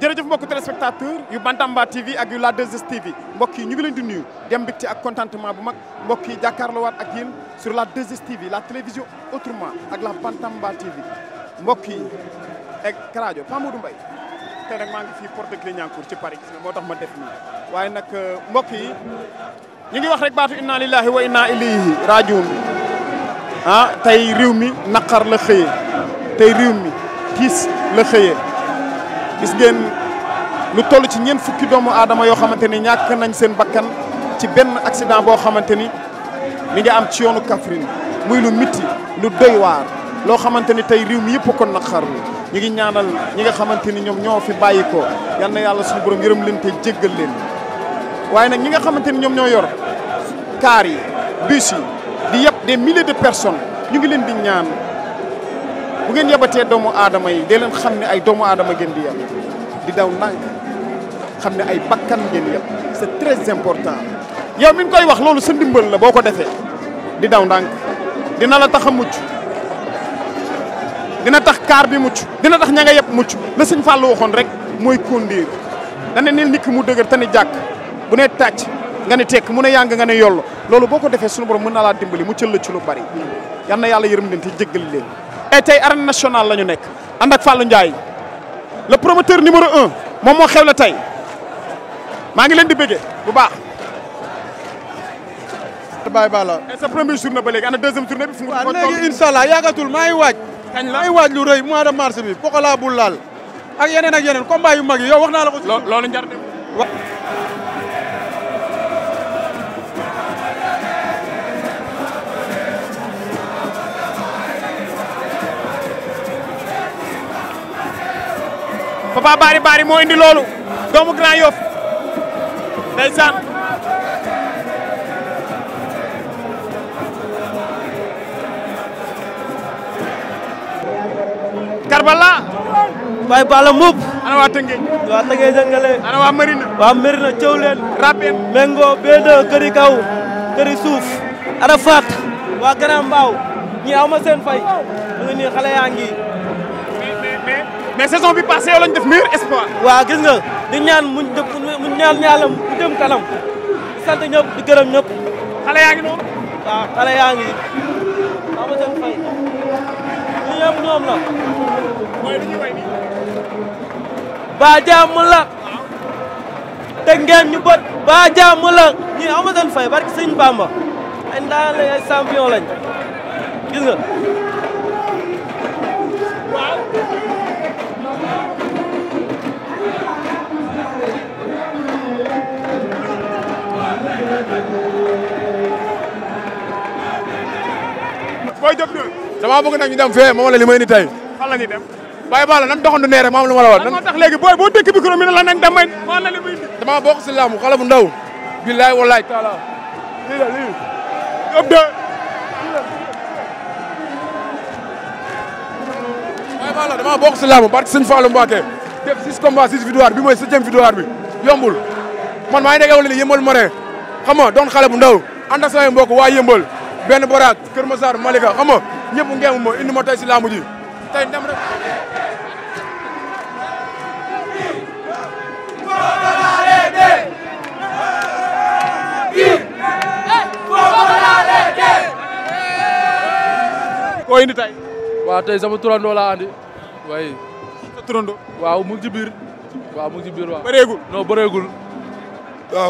jërëjëf mbokku téléspectateur yu Bantamba TV ak yu La 2STV mbokk yi ñu ngi leen di nuyu dem mbégte ak contentement bu mag mbokk yi jàkkaarloowaat ak yéen sur La 2STV la télévision autrement ak la Bantamba TV mbokk yi ak rajo Pa Modou Mbaye te nag maa ngi fii porte de Clignancourt ci Paris moo tax ma def mi waaye nag euh, mbokk yi ñu ngi wax rek baatu inna lillahi wa inna ilayhi rajiun ah tey réew mi naqar la xëyee tey réew mi tiis la xëyee gis ngeen lu toll ci ñeent fukki doomu aadama yoo xamante ni ñàkk nañ seen bakkan ci benn accident boo xamante ni mi ngi am ci yoonu Kaffrine muy lu mitti lu doy waar loo xamante ni tey réew mi yëpp ko naqarlu ñu ngi ñaanal ñi nga xamante ni ñoom ñoo fi bàyyi ko yal na yàlla suñu borom yërëm leen te jéggal leen waaye nag ñi nga xamante ni ñoom ñoo yor kaar yi di yëpp des milliers de personnes ñu ngi leen di ñaan. bu ngeen yabatee doomu aadama yi dee leen xam ne ay doomu aadama ngeen di yab di daw ndànk xam ne ay bakkan ngeen yab c'est très important yow mi ngi koy wax loolu sa ndimbal la boo ko defee di daw ndànk dina la tax a mucc dina tax kaar bi mucc dina tax ña nga yëpp mucc la sëñ Fallou waxoon rek mooy kondiir dana ne nit ki mu dëgër te ni jàkk bu ne tàcc nga ne tek mu ne yàng nga ne yoll loolu boo ko defee sunu borom mën na laa dimbali mu cël la ci lu bari yal na yàlla yërëm leen te jéggal leen et tey arène nationale la ñu nekk ànd ak Fallou le promoteur numéro un moom moo xew la tey maa ngi leen di bëggee bu baax. baay baa la et sa première journée ba bi. fu mu ko léegi incha allah yaakatul maa ngi waaj. kañ la maa i waaj lu rëy mois de mars bi pokola bu laal. ak yeneen ak yeneen combat yu mag yi yow wax naa la ko. loolu njar de Papa Bari Bari moo indi loolu doomu Grand Yoff ndeysaan Karbala bay bala mup ana waa Tëngéej waa Tëngéej jàngale ana waa Marina waa Marina cëw leen Rabeen Mengo Bédé këri kaw këri suuf Arafat waa Grand Mbaaw ñi aw ma fay mu nii xale yaa ngi mais saison bi passée yow lañ def meilleur espoir. waaw gis nga di ñaan mu mu ñaan ñaalam mu jëm kanam di sant ñëpp di gërëm ñëpp. xale yaa ngi noonu. waaw xale yaa ngi xam nga fay ñu yëpp ñoom la. mooy li ñu way nii. ba jàmm la. dégg ngeen ñu bët. ba jàmm la. ñi xam nga fay barki sëñ Bamba. ay ndaan lañ ay champion lañ gis nga. waaw. booy jóg dóor. damaa bëgg nag ñu dem fee moom la li may ni tey. fan la ñuy dem. bàyyi baax la nan doxandu nee rek ma am lu ma la wax. lan moo tax léegi booy boo dëkk micro mi ne la nañ dem may. moom la li muy indi. damaa bokk si làmb xale bu ndaw. billaay walaay taala. lii la lii. ëpp de. bàyyi baax la damaa bokk si làmb barke Sëñ Fallou Mbacké. def six combats six victoire bi mooy septième victoire bi yombul man maa ngi nekk yow li yëmbal marin xam nga doon xale bu ndaw ànd ak samay mbokk waa yëmbal benn boraat Kër Massar Malika xam nga ñëpp ngeemu ma indi ma tey si laamu ji tey ndam rek. koo indi tey. waaw tey sama turandoo laa andi waaye. sa turandoo. waaw mu ngi ci biir. waaw mu ngi ci biir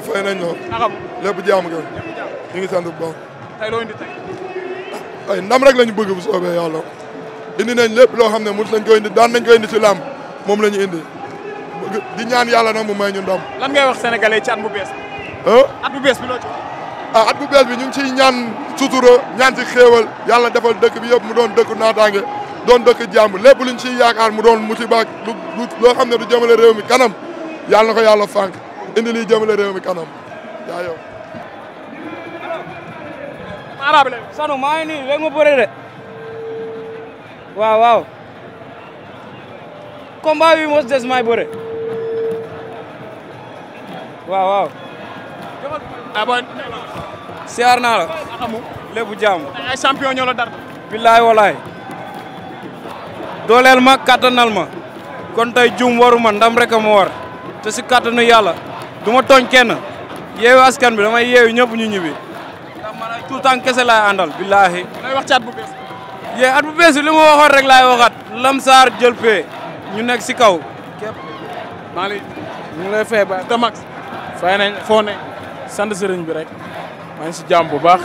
fay nañ ñoom. naka ñu ngi sant bu tey loo indi tey. ay bu soobee yàlla indi nañ lépp loo xam ne mos nañ ko indi daan nañ koy indi ci moom la ñu indi di ñaan yàlla nag mu may ñu ndam. lan ngay wax sénégalais ci at bu bees bi. bees bi loo ci wax. Ah, bi ñu ngi ciy ñaan sutura ñaan ci xéewal yàlla defal dëkk bi yëpp mu doon dëkk naataange doon dëkk jàmm lépp luñ ciy yaakaar mu doon musiba lu loo xam ne du jëmale réew mi kanam yàlla na ko yàlla fànk indi liy jëmale réew mi kanam yaa yow arabe la. sanu maa ngi nii léegi ma bëre de waaw waaw combat bi mos des maay bëre waaw waaw. abon. Ah, siyaar la. amu lépp jàmm. ay champion ñoo la dar. ma kattanal ma. kon tey juum ma ndam rek a ma war te si kattanu yàlla du tooñ kenn yeewu askan bi damay yeewu ñëpp ñu tout tan kese laay àndal billaahi. lay wax ci at bu bees. yee at bu bees li ma waxoon rek laay waxaat. Lamsaar jël ñu nekk si kaw. képp lay ñu ngi lay fay ba Tamax. foo ne sant sëriñ bi rek. maa ngi si jàmm bu baax.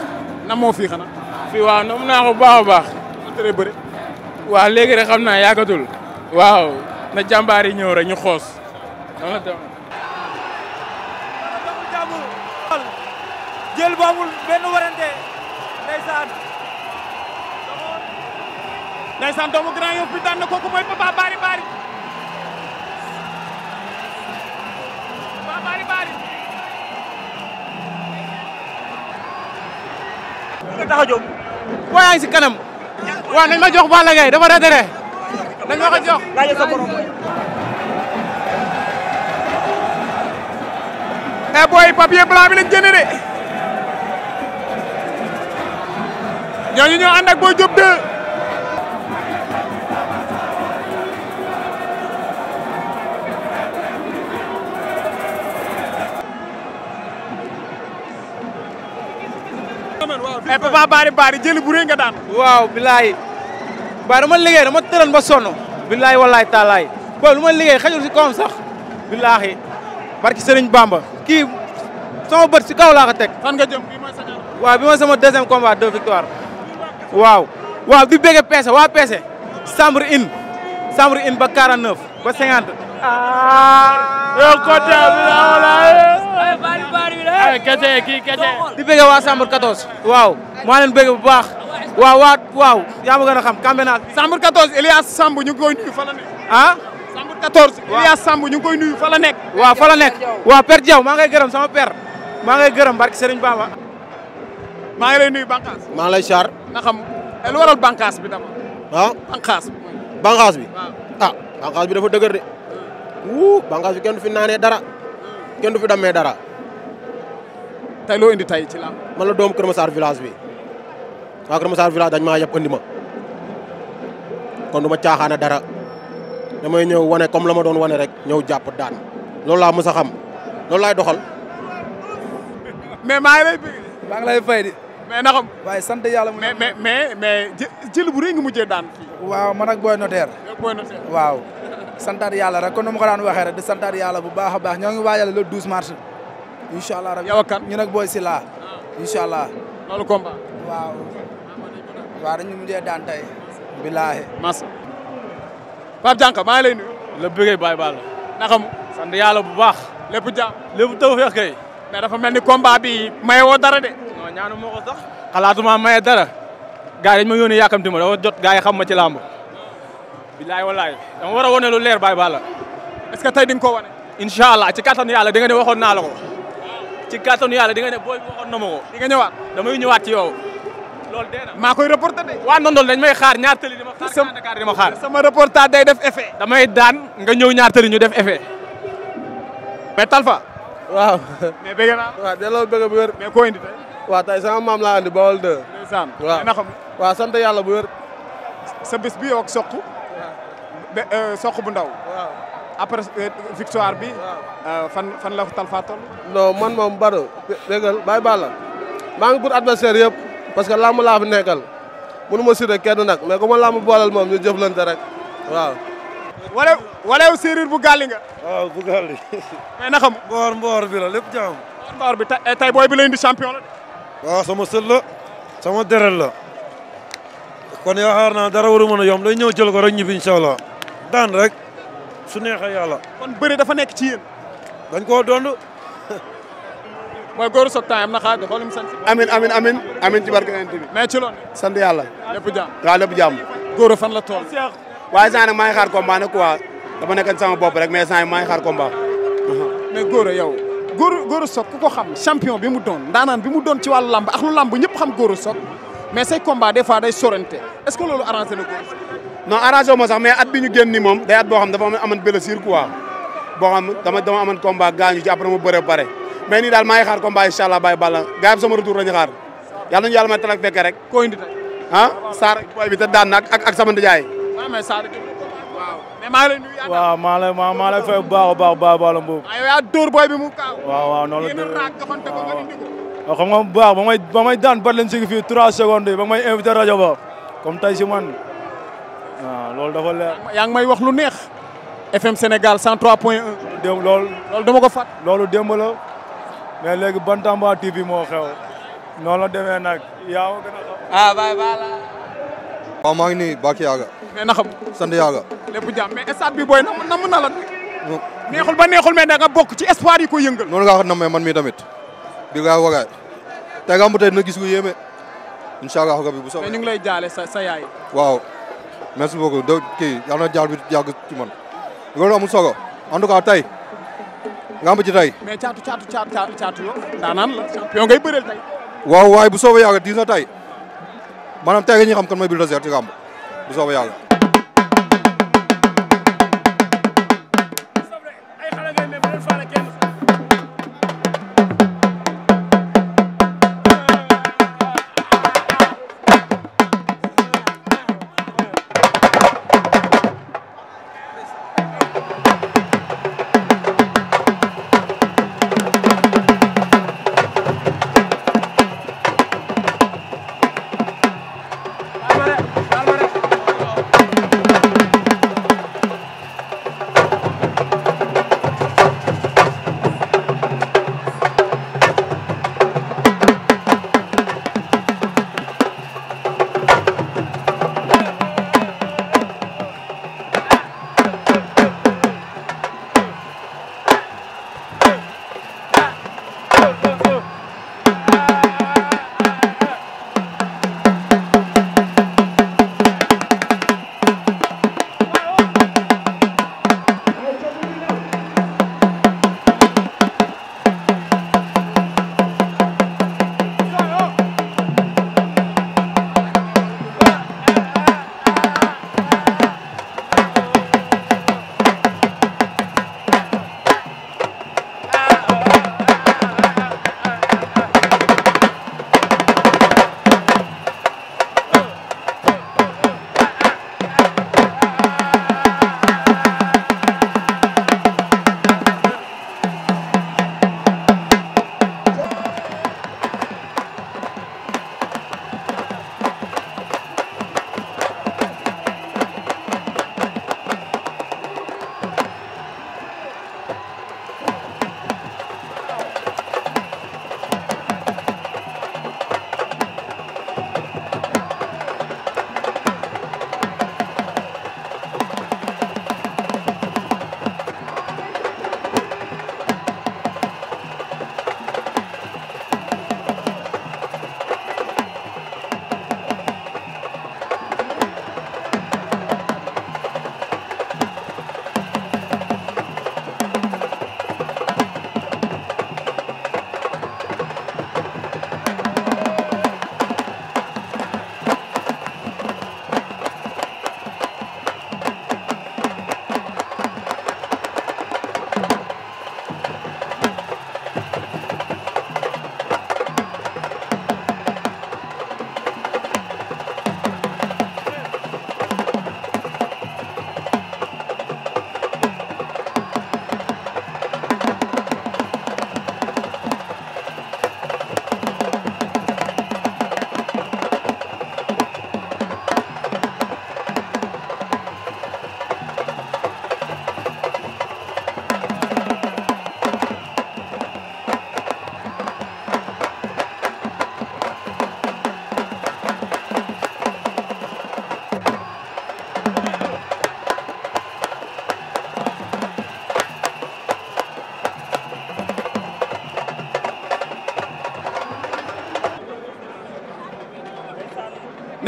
na moo fi xanaa. fii waaw nam naa ko bu baax a baax. très bëri. léegi rek xam naa yàggatul. waaw na jàmbaar yi ñëw rek ñu xoos. jël bu amul benn warante ndeysaan ndeysaan doomu Grand Yoff bi na kooku Papa Bari Bari Papa Bari Bari si kanam waaw nañ ma jox Balla Gaye dafa retere nañ ma ko jox laajal sa borom eh booy papier blanc bi lañ ñooñu ñoo ànd ak Boy Diop 2 ay eh, papa jëli bu nga daan waaw bilaay ba dama liggéey ma tëran ba sono bilaay wallaay taalaay boobu lu ma liggéey xajul si kawam sax bilaahi barki sëriñ Bamba kii sama bët si kaw laa ko teg fan nga jëm bi mooy waaw bi mooy sama deuxième combat deux victoire waaw waaw di bëgg peese waa peese chambre in chambre in ba 49 ba 50. ah. yow côté bi la wala. ay eh, bari eh, kii kese. di bëgg waa chambre 14. waaw maa leen bëgg bu baax. waaw waaw waaw yaa ma gën a xam Kambenaat. chambre 14 Elias Samb ñu ngi koy nuyu fa la ah? ñu koy nuyu fa la nekk. waaw fa la nekk. waaw per Diaw maa ngay gërëm sama père. maa ngay gërëm barki Serigne Bamba. maa ngi lay nuyu bànqaas. maa ngi lay char. nga xam eh, lu waral bànqaas bi dama. ah bànqaas bi. bànqaas bi ah bànqaas bi dafa dëgër de. wuu bànqaas bi kenn du fi naanee dara. kenn du fi dammee dara. tey loo indi tey ci la man la doomu Kër Massar village bi waa Kër Massar village dañ maa yëpp andi ma kon du ma caaxaane dara damay ñëw wane comme la ma doon wane rek ñëw jàpp daan loolu laa mës a xam loolu laay doxal. mais maa ngi lay bëgg maa ngi lay fay di. mais na xam waaye sant yàlla mu mais mais mais jël bu rëy nga mujjee daan kii waaw man ak Boy Notaire Boy Notaire waaw santaat yàlla rek kon nu mu ko daan waxee rek di santaat yàlla bu baax a baax ñoo ngi waajal le 12 mars incha allah rabi yow ñu nag Boy Sila ah. incha allah loolu combat waaw waaw dañu mujjee daan tey bilaahi mas Pape Dianka maa ngi lay nuyu la bëggee Baye Balla na xam bu baax lépp jàmm lépp taw feex kay mais dafa mel ni combat bi mayewoo dara de ñaanu moo ko sax xalaatuma maye dara gars yi dañ ma yónnee yàkkamti ma dafa jot gars yi xam ma ci làmb bilaay walaay dama war a wane lu leer baay bala est-ce que tey di nga ko wane incha allah ci kàttanu yàlla di nga ne waxoon naa la ko ci kàttanu yàlla di nga ne booy waxoon na ma ko di nga ñëwaat damay ñëwaat ci yow loolu maa koy reporté de waa ndoon dañ may xaar ñaar tëli di ma xaar Dakar di ma xaar sama reportage day def effet damay daan nga ñëw ñaar tëli ñu def e mais Talfa waaw mais bëgg waaw tey sama maam laa andi Baol 2. ndeysaan waaw yàlla bu wér. sa bi yow ak soq. Euh, bu ndaw. waaw après euh, victoire bi. Euh, fan fan la ko tal faa toll. man moom Bado déggal bàyyi bàlla maa ngi pour adversaire yëpp parce que làmb laa fi nekkal mënu ma siré kenn nag mais ku ma làmb booleel moom ñu jëflante rek waaw. wala wala séeréer bu gàlli nga. waaw bu gàlli. mais na xam. mboor mboor bi la lépp jaam. mboor bi tey booy bi la indi champion la. waaw sama sët la ma deret la kon yaakaar naa dara waru mën a yomb day ñëw jël ko rek ñibbi incha allah daan rek su neexee yàlla. kon bëri dafa nekk ci dañ koo dond. mooy góor soog temps na xaar xool mu sant. amin amin amin amin ci barke yonent bi. mais ci loolu. sant yàlla. lépp jàmm waaw jàmm. góor fan la tool. waa saa nag maa ngi xaar combat nag quoi dama nekk sama bopp rek mais saa yi maa ngi xaar combat. mais góor yow. góor góor soog ku xam champion bi mu doon ndaanaan bi mu doon ci wàllu làmb ak lu làmb ñëpp xam góor soog mais say combat des fois day sorante est-ce que loolu arrangé na góor non arrangé moo sax mais at bi ñu moom day at boo xam dafa amoon blessure quoi boo xam dama dama amoon combat gaañu ci après mu bëre pare mais nii daal maa ngi xaar combat incha allah bàyyi balla gaa yi sama retour xaar yàlla nañu may talak fekke rek ah saar bi te daan mais maa ngi lay nuyu waaw baax a baax baax baax la boobu. waaw yow yaa dóor bi mu kaaw. waaw waaw noonu la dóor waaw xam nga baax ba may daan bat leen si fii trois secondes yi may invité rajo ba comme tey si man waaw loolu dafa leer. yaa ngi may wax lu neex. FM Sénégal 103 point 1. loolu. loolu dama ko fat loolu démb la mais léegi Bantamba TV moo xew noonu la nag yaa ma gën a xam. ah bay ba la. waaw mais na xam sant yàlla. lépp jàmm mais stade bi booy na mu na mu na neexul ba neexul mais da bokk ci espoir yi ko yëngal. noonu nga wax na mais man mii tamit. bi nga waraay. tey nga am tey ngi lay jaale sa sa yaay. waaw merci beaucoup do kii yal na jaar bi yàgg ci man. loolu amul solo en tout cas tey. nga am ci tey. mais caatu caatu caatu caatu caatu yow. la champion ngay bëreel tey. waaw waaye bu soobee yàgg dina tey. maanaam tey nga ñuy xam kan mooy Bulldozer ci gàmb. bu soobee yàlla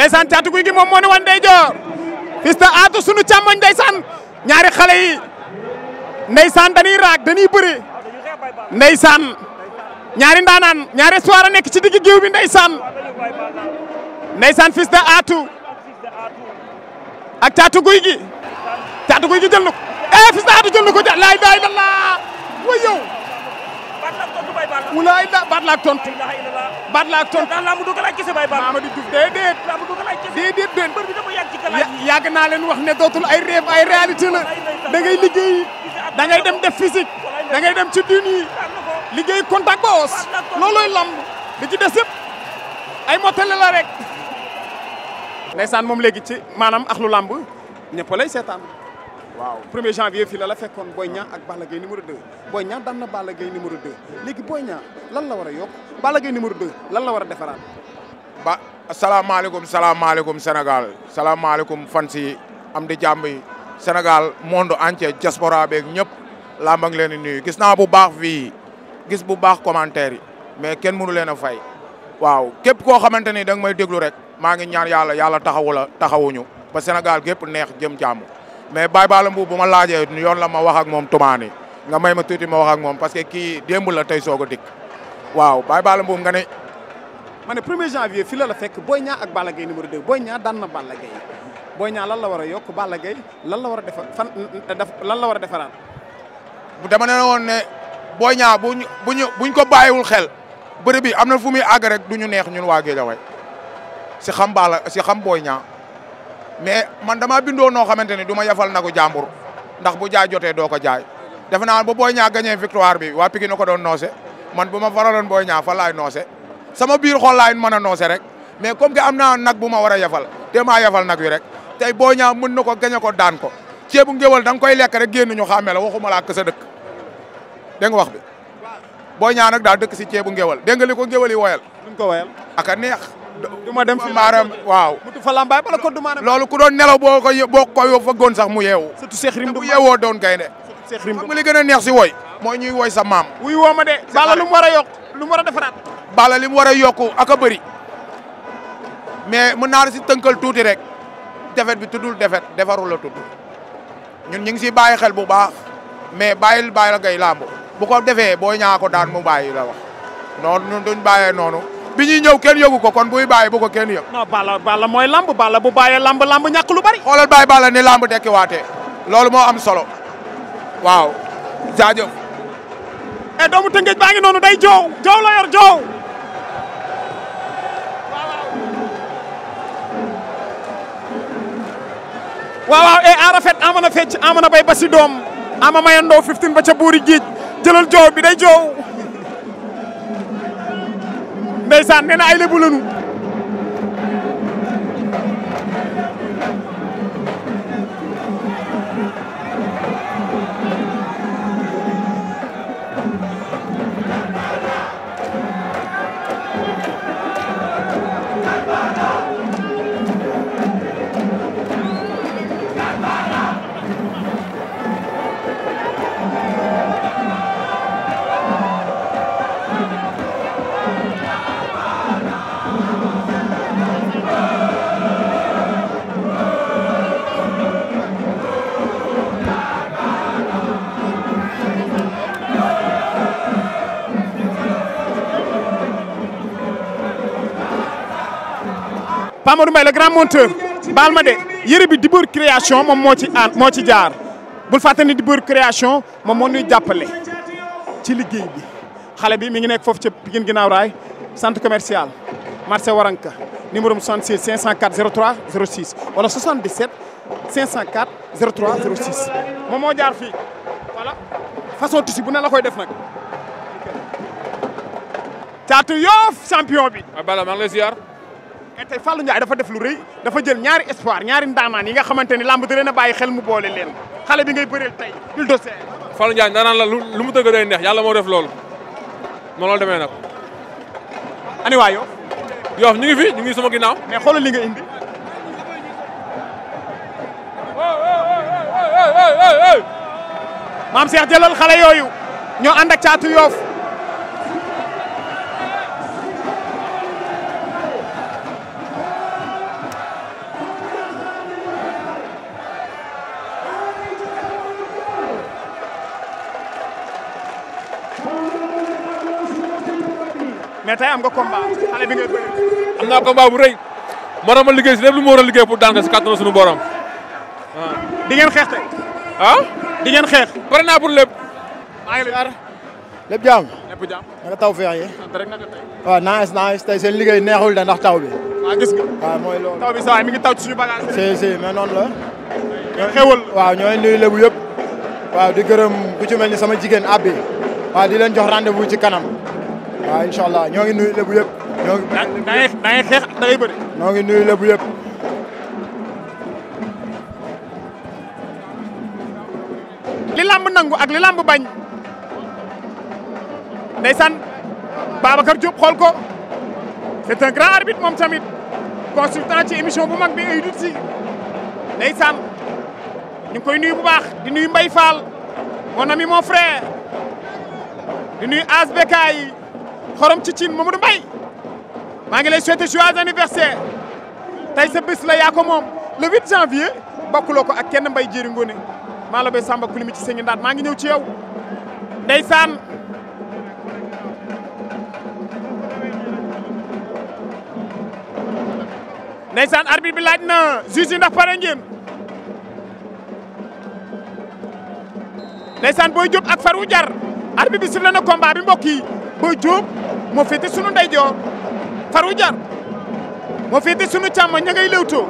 ndeysaan caatu guy gi moom moo ne wan day joor Fils de Atou sunu càmmoñ ndeysaan ñaari xale yi ndeysaan dañuy raag ñaari ndaanaan ñaari espoir a nekk ci digg géew bi ndeysaan ndeysaan Fils de Atou ak caatu guy gi caatu guy gi jël na ko eh Fils de ja laay daay la laa wa wulaay da baat la ak tontu. baat la ak tontu daal laa mu dugal ak kese bay baal. Mamadou Diouf ak kese déedéet déet. mbër bi dafa yàgg ci kalaay bi yàgg naa leen wax ne dootul ay rêve ay réalité la da ngay liggéey da dem def physique da ngay dem ci dun yi liggéey contact boos loolooy lamb di ci des yëpp ay motale la rek. ndeysaan moom léegi ci maanaam axlu lamb ñëpp lay seetaan. waaw 1er janvier fi la la fekkoon Boy Niang ak bala Gaye numéro 2 Boy Niang daan na Balla Gaye numéro 2 léegi Boy Niang lan la war a yokk Balla Gaye numéro 2 lan la war a defaraat. ba salaamaaleykum salaamaaleykum Sénégal salaamaaleykum fans yi am di jàmm yi Sénégal monde entier diaspora beeg ñëpp laa mag leen di nuyu gis naa bu baax fii gis bu baax commentaire yi mais kenn mënu leen a fay waaw képp koo xamante ni danga may déglu rek maa ngi ñaan yàlla yàlla taxawu la taxawuñu ba Sénégal gépp neex jëm jàmm. mais Baye Balla Mbuub bu ma laajee yoon la ma wax ak moom tumaani nga may ma tuuti ma wax ak moom parce que kii démb la tey soog a dikk waaw Baye Balla Mbuub nga ne. ma ne 1er janvier fii la la fekk booy Niang ak Balla Gaye numéro 2 Boy Niang daan na Balla Gaye booy Niang lan la war a yokk bala Gaye lan la war a defar fan lan la war a defaraat. dama ne woon ne Boy ñaa bu ñu bu ñu bu ñu ko xel bëre bi am na fu muy àgg du ñu neex ñun waa Guédiawaye si xam Balla si xam booy ñaa mais man damaa bindoo noo xamante ni du ma yafal nagu jàmbur ndax bu jaay jotee doo ko jaay defe naa bu Boy Niang gagné victoire bi waa Pikine ko doon noose man bu ma faraloon Boy Niang fa laay noose sama biir xol laay mën a noose rek mais comme que am naa nag bu ma war a yafal te maa yafal nag wi rek tey Boy ñaa mën na ko gagné ko daan ko ceebu ngéwal da nga koy lekk rek génn ñu xàmme la waxuma laa kës a dëkk dégg wax bi Boy ñaa nag daal dëkk si ceebu ngéwal dégg nga li ko ngéwal yi woyal. ko woyal ak neex. du ma dem fi waaw. mu fa lambaay bala ko loolu ku doon nelaw boo ko boo ko yoo fëggoon sax mu yeewu. surtout Cheikh Rim bu yeewoo doon gaynde. Cheikh Rim xam nga gën a neex si woy. mooy ñuy woy sa maam. wuy woo ma de. Balla lu mu war a yokk lu mu a defaraat. Balla li mu war a yokk ak a bëri mais mën naa si tënkal tuuti rek defet bi tuddul defet defaru la tudd ñun ñu ngi siy bàyyi xel bu baa mais bàyyil bàyyi la ngay làmb bu ko defee boo ñaa ko daan mu bàyyi la wax noonu ñun duñ bàyyee noonu. bi ñuy ñëw kenn yëgu ko kon buy bàyyi bu ko kenn yëg. non Balla mooy lamb Balla bu bàyyee lamb lamb ñàkk lu bari. xoolal bàyyi Balla ni lamb dekkiwaatee loolu moo am solo waaw jaajëf. e doomu Tëngéej baa ngi noonu day joow joow la yor waaw waaw e eh, en rafet amana fecc amana bay ba doom ama mayandoo 15 ba ca buuri géej jëlal bi day joow. ndeysaan nee na ay lébu Amadou Mbaye le grand monteur baal de yére bi Dibeur création moom moo ci aan moo ci jaar bul fàtte ni Dibeur création moom moo ñuy jàppale ci liggéey bi xale bi mi ngi nekk foofu ca Pikine ginnaaw raay centre commercial marché Waranka numéro 66 504 03 06 wala 77 504 03 06 moom moo jaar fii voilà façon tissu bu ne la koy def nag caatu bi. Ah, bala maa ngi tey Fallou Ndiaye dafa def lu rëy dafa jël ñaari espoir ñaari ndaamaan yi nga xamante ni lamb da leen a bàyyi xel mu boole leen xale bi ngay bëreel tey Bulldozer Fallou Ndiaye daanaan la lu mu dëgg day neex yàlla moo def loolu ma demee nag ani waa ñu ngi fi ñu ngi sama ginnaaw mais xoolal li nga indi maam Cheikh jëlal xale yooyu ñoo ànd ak caatu Yoff mais tey am nga combat xale bi nga bëri. am naa combat bu rëy ma doon ma liggéey si lépp lu ma war a liggéey pour daan nga si kàttanu suñu borom. di ngeen xeex tey. ah di ngeen xeex. pare naa pour lépp. maa ngi lay lépp jaam lépp jaam naka taw feex yi. Ah, waaw nice nice tey seen liggéey neexul de ndax taw bi. waaw ah, gis nga. waaw mooy loolu taw bi saa mi ngi taw ci suñu bagage. si si mais noonu la. xewal waaw ñooy nuyu lébu yëpp. waaw di gërëm bu ci mel ni sama jigéen abbi waaw di leen jox rendez-vous ci kanam. waaw incha allah ñoo ngi nuyu lébu yëpp. ñoo ngi xeex da ngay ñoo ngi nuyu lébu yëpp. li nangu ak li làmb bañ. ndeysaan Babacar Diop xool ko c'est un grand arbitre moom tamit consultant ci émission bu mag bi ay dut si ndeysaan ñu koy nuyu bu baax di nuyu Mbaye Fall mon ami mon frère di nuyu Asbekaay xorom ci cin Mamadou Mbaye maa ngi lay souhaiter joyeux anniversaire tay sa bés la yaa moom le 8 janvier bokkuloo ko ak kenn mbay jëri ngoone maa la bay Samba Kulimi ci sëñ maa ngi ñëw ci yow ndeysaan ndeysaan arbitre bi laaj na juge yi ndax pare ngeen ndeysaan booy jóg ak faru jar arbitre bi sifle na combat bi mbokk yi Boy Diop moo féete sunu ndeyjoor Farou Diar moo féete sunu càmmoñ ña ngay lewtoo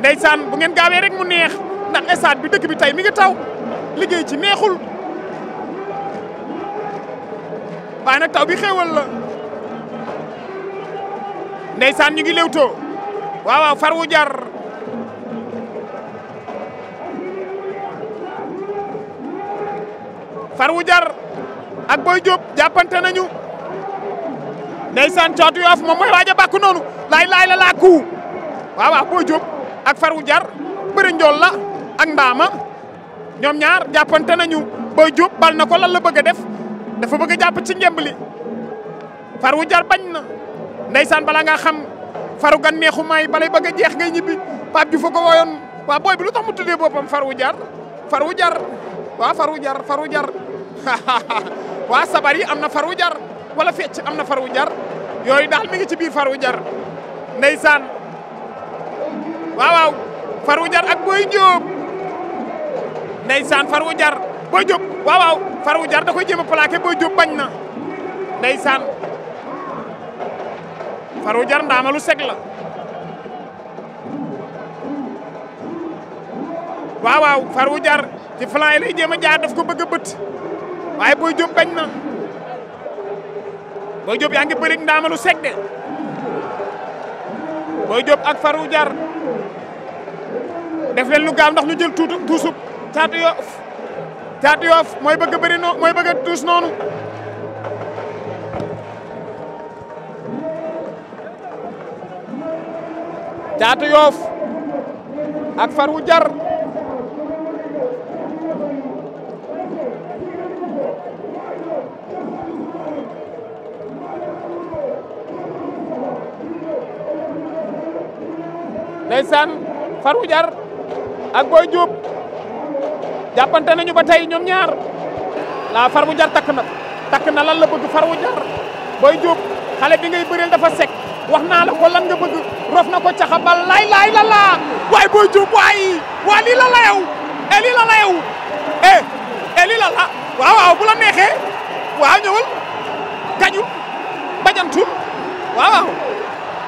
ndeysaan bu ngeen gaawee rek mu neex ndax stade bi dëkk bi tey mi ngi taw liggéey ci meexul waaye taw bi xéewal la ndeysaan ñu ngi lewtoo waaw waaw Farou Diar Farou ak Boy Diop jàppante nañu ndeysaan Caatu Yoof moom mooy waaj a bàkk noonu la laa ku waaw waaw Boy ak Farou Jar bëri njool la ak Ndaama ñoom ñaar jàppante nañu Boy Diop bal na ko lan la bëgg a def dafa bëgg a ci njëmb li Farou Jar bañ na ndeysaan balaa ngaa xam far gan neexu maay balay bëgg a jeex ngay ñibbi Pape Diouf ko woyoon waa booy bi lu tax mu tuddee boppam Farou Jar Farou Jar waaw Farou Jar Jar. waa sabar yi am na faru jar wala fecc am na faru jar yooyu daal mi ngi ci biir faru jar ndeysaan waaw waaw faru jar ak booy njóob ndeysaan faru jar booy jóob waaw waaw faru jar koy jéem a plaqué booy jóob bañ na ndeysaan faru jar ndaama la waaw waaw faru jar ci yi lay jéem a jaar daf ko bëgg waaye Boy Diop bañ na Boy Diop yaa ngi bëri ndaamalu sec de Boy Diop ak Farou Jar def leen lu gaaw ndax ñu jël tuutu tuusub Caatu Yoof Caatu Yoof mooy bëgg a noonu mooy bëgg a tuus noonu Caatu Yoof ak Farou Jar ndeysaan Farou Diar ak Boy Diop jàppante nañu ba tey ñoom ñaar la Farou Diar takk na takk na lan la bëgg Farou Diar Boy Diop xale bi ngay bëreel dafa sek wax naa la lan nga bëgg rof na ko caxabal laay laay la laa waay Boy Diop waay waa la la yow e la la yow eh, eh, waaw bu la neexee waaw ñëwal gañu bajantul waaw waaw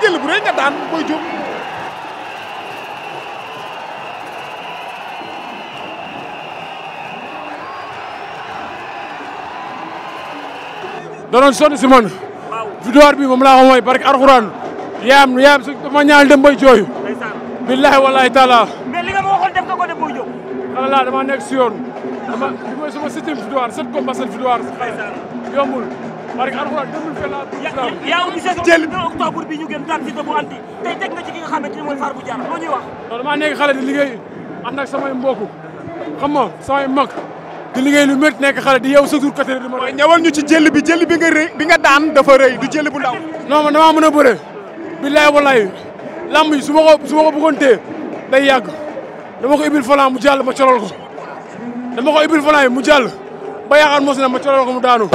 jël bu rëy nga daan Boy Diop da doon sonn si man victoire bi moom laa ko mooy barke Alxuraan yaam yaam su ma ñaan dem bay jooyu billahi wallahi taala mais li nga ma waxoon def nga ko def booy jóg xala laa dama nekk si yoon dama bi mooy sama septième victoire sept combats sept victoire yombul barke Alxuraan demul fenn laa yaa ngi saison bi octobre bi ñu gën daan ci bu anti tey teg nga ci ki nga xamante ni mooy Far bu xale di liggéey ànd ak samay mbokk xam mag di liggéey lu métti nekk xale di yow sa jour quatre heures du matin. jël bi jël bi nga rëy bi nga daan dafa rëy du jël bu ndaw. non na damaa mën a bëre. billaay wallaay lamb yi su ma ko su ma yàgg dama ko ibil falan mu jàll ma colol ko dama ko ibil falan mu jàll ba yaakaar mos na ma colol ko mu daanu.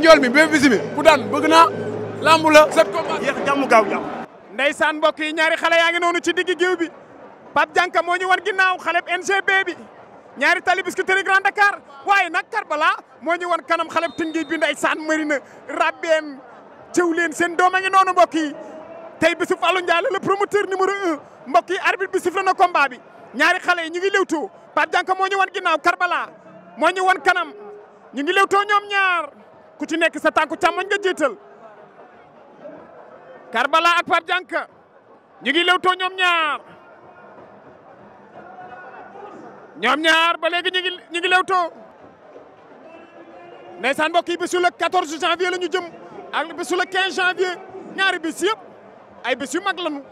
njool mi Bébé Bismi ku daan bëgg na lambu la set combat yéex jàmm gaaw jàmm ndeysaan ñaari xale yaa ngi noonu ci digg géew bi Pape Dianka moo ñu war ginnaaw xale NGB bi ñaari tali Biscuiterie Grand Dakar waaye nag Karbala moo ñu wan kanam xale Tinguède bi ndeysaan mëri na rabbeen cëw leen seen doom a ngi noonu mbokk yi tey bisu Fallou Ndiaye la promoteur numéro un mbokk yi arbitre bi sifflé na combat bi ñaari xale yi ñu ngi lewtoo Pape Dianka moo ñu wan ginnaaw Karbala moo ñu wan kanam ñu ngi lewtoo ñoom ku ci nekk sa tànku càmmoñ nga jiital Karbala ak Pape Dianka ñu ngi lewtoo ñoom ñaar ñoom ñaar ba léegi ñu ngi ñu ngi lewtoo ndeysaan mbokk yi bisu le 14 janvier la ñu jëm ak bisu le 15 janvier ñaari bis yëpp ay bis yu mag lañu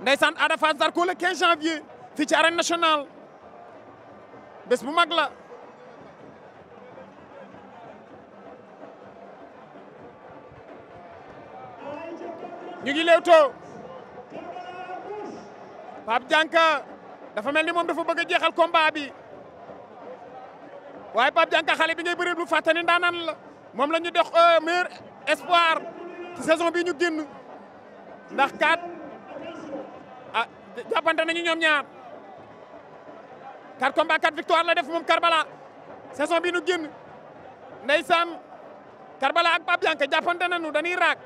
ndeysaan Ada Fass Zarko le 15 janvier fii ci arène nationale bés bu mag la. ñu ngi leewtoo Pape Dianka dafa mel ni moom dafa bëgg a jeexal combat bi waaye Pape Dianka xale bi ngay bëri lu fàttali ndaanaan la moom la ñu dox euh, meilleur espoir ci saison bi ñu génn ndax kat ah jàppante ñu ñoom ñaar quatre combat quatre victoire la def moom Karbala saison bi ñu génn ndeysaan Karbala ak Pape Dianka jàppante nañu dañuy raak.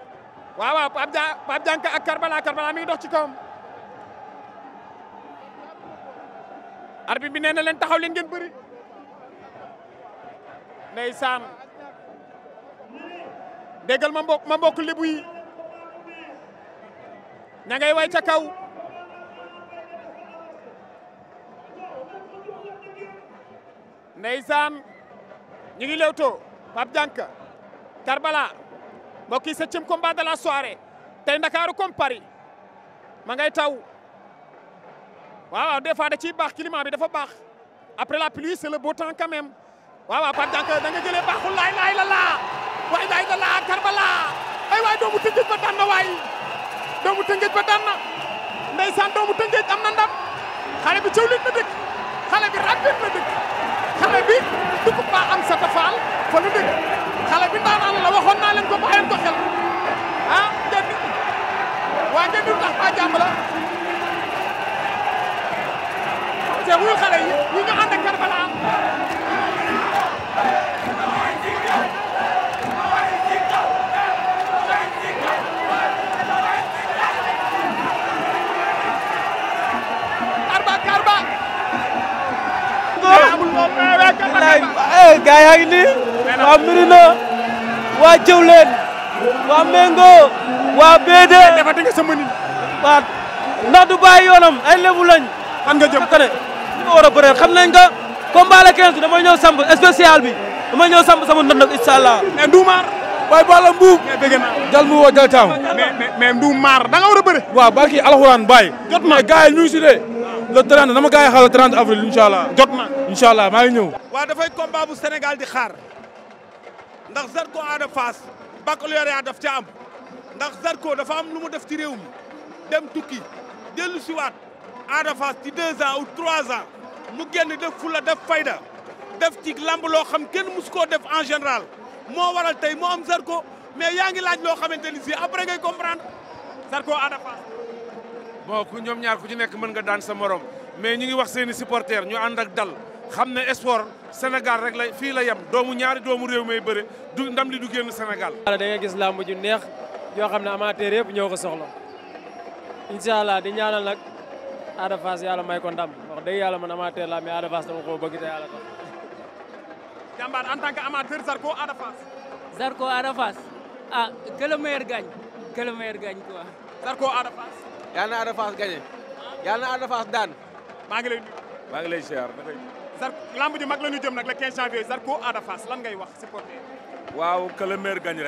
waaw waaw Pape Dia Pape ak Karbala Karbala mi ngi dox ci kawam. arbitre bi nee na leen taxaw leen ngeen bëri. ndeysaan déggal ma mbokk ma mbokk lébu yi ña way ca kaw ndeysaan ñu ngi lewtoo Pape Dianka Karbala mbokk yi septième combat de la tey ndakaaru comme Paris ma ngay taw waaw des fois da ciy baax climat bi dafa baax après la pluie c'est le beau temps quand même waaw waaw parce laay laay la laa waay laay la laa Karbala ay waay doomu tëngëj ba daan na doomu tëngëj ba daan na ndeysaan doomu tëngëj am na ndam xale bi cëwlit na dëkk xale bi rapide na dëkk xale bi dugub am sa tafaal fa la dëgg xale bi la waxoon naa leen ko bàyyi leen ko xel ah, waa njënd ndax baa jàmm la te wuyu xale yi wallaay gars yaa ngi nii waa Mirina waa Jëwleen waa Mengo waa Bédé dafa dinga sama nit waa ndax du bàyyi yoonam ay lebu lañ fan nga jëm kone ñu ma war a bëreel xam nañ nga combat la 15 dama ñëw samb spécial bi dama ñëw samb sama ndënd ak inshallah mais Ndoumar waaye Balla Mbuub dégg jal mu woo jal taaw mais Ndoumar da nga war a bëre waaw barki alxuraan bàyyi le 30 dama gars yi xaar le 30 avril incha allah. jot na incha allah maa ngi ñëw. waaw dafay combat bu Sénégal di xaar ndax Zarko Ada Fass baccalauréat daf ca am ndax Zarko dafa am lu mu def ci réew mi dem tukki dellu si waat Ada Fass ci deux ans trois ans mu génn def fula def fayda def ci lamb loo xam kenn musu koo def en général moo waral tey moo am Zarko mais yaa ngi laaj loo xamante ni si après ngay comprendre Zarko Ada Fass bon ku ñoom ñaar ku ci nekk mën nga daan sa morom mais ñu ngi wax seen i supporters ñu ànd ak dal xam ne sport Sénégal rek la fii la yem doomu ñaari doomu réew may bëre ndam li du génn Sénégal. da ngay gis làmb ju neex ñoo xam ne amateur yëpp ñoo ko soxla incha allah di ñaanal nag Ada Fass yàlla may ko ndam wax dëgg yàlla man amateur la mais Ada Fass dama koo bëgg te tax. en tant que amateur Zarko Ada Fass. Zarko Ada Fass ah que le meilleur yal na Ada Fass gagné yal na Ada daan. maa ngi lay nuyu. maa mag la ñu jëm nag le 15 janvier Zarko Ada Fass lan ngay wax supporter waaw que le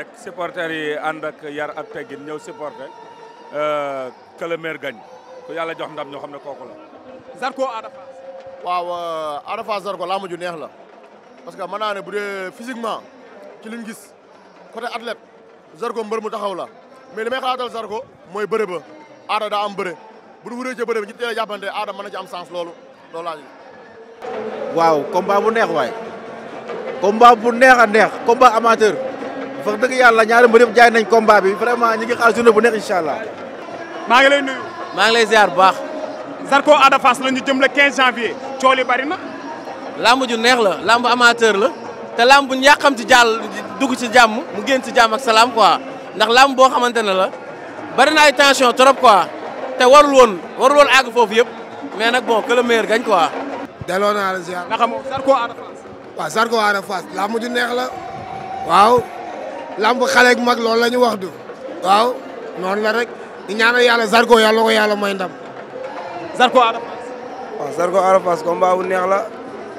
rek supporter yi ànd yar ak ñëw supporter euh, que le maire gagne ku yàlla jox ndam ñoo xam ne kooku la. Zarko Ada waaw euh, Ada Zarko lamb ju neex la parce que mën naa bu dee physiquement ci liñ gis côté athlète Zarko mbër mu taxaw la mais li may xalaatal Zarko mooy bëre aada am bëre bu ñu wuree ca bëre bi ñu teel a jàppante aada mën na ci am sens loolu loolu laa waaw bu neex waay combat bu neex a neex kom combat amateur wax dëgg yàlla ñaari mbër yëpp jaay nañ combat bi vraiment ñu ngi xaar bu neex incha allah. maa ngi lay nuyu. maa ngi lay ziar bu baax. Zarko Ada Fass la ñu jëm le 15 janvier cool yi bari na. lamb ju neex la lamb amateur la te lamb bu ñu yàqam ci jàll dugg ci jàmm mu génn ci jàmm ak salaam quoi ndax lamb boo xamante ne la. bari na ay tension trop quoi te warul woon warul woon àgg foofu yëpp mais nag bon que le meilleur gagne quoi. delloo naa la ziar. ndax moom Zarko Ada Fass. waaw Zarko Ada la. waaw mag loolu la ñu wax du. waaw noonu la rek di ñaanal yàlla Zarko yàlla ko yàlla may ndam. Zarko Ada Fass. bu neex la.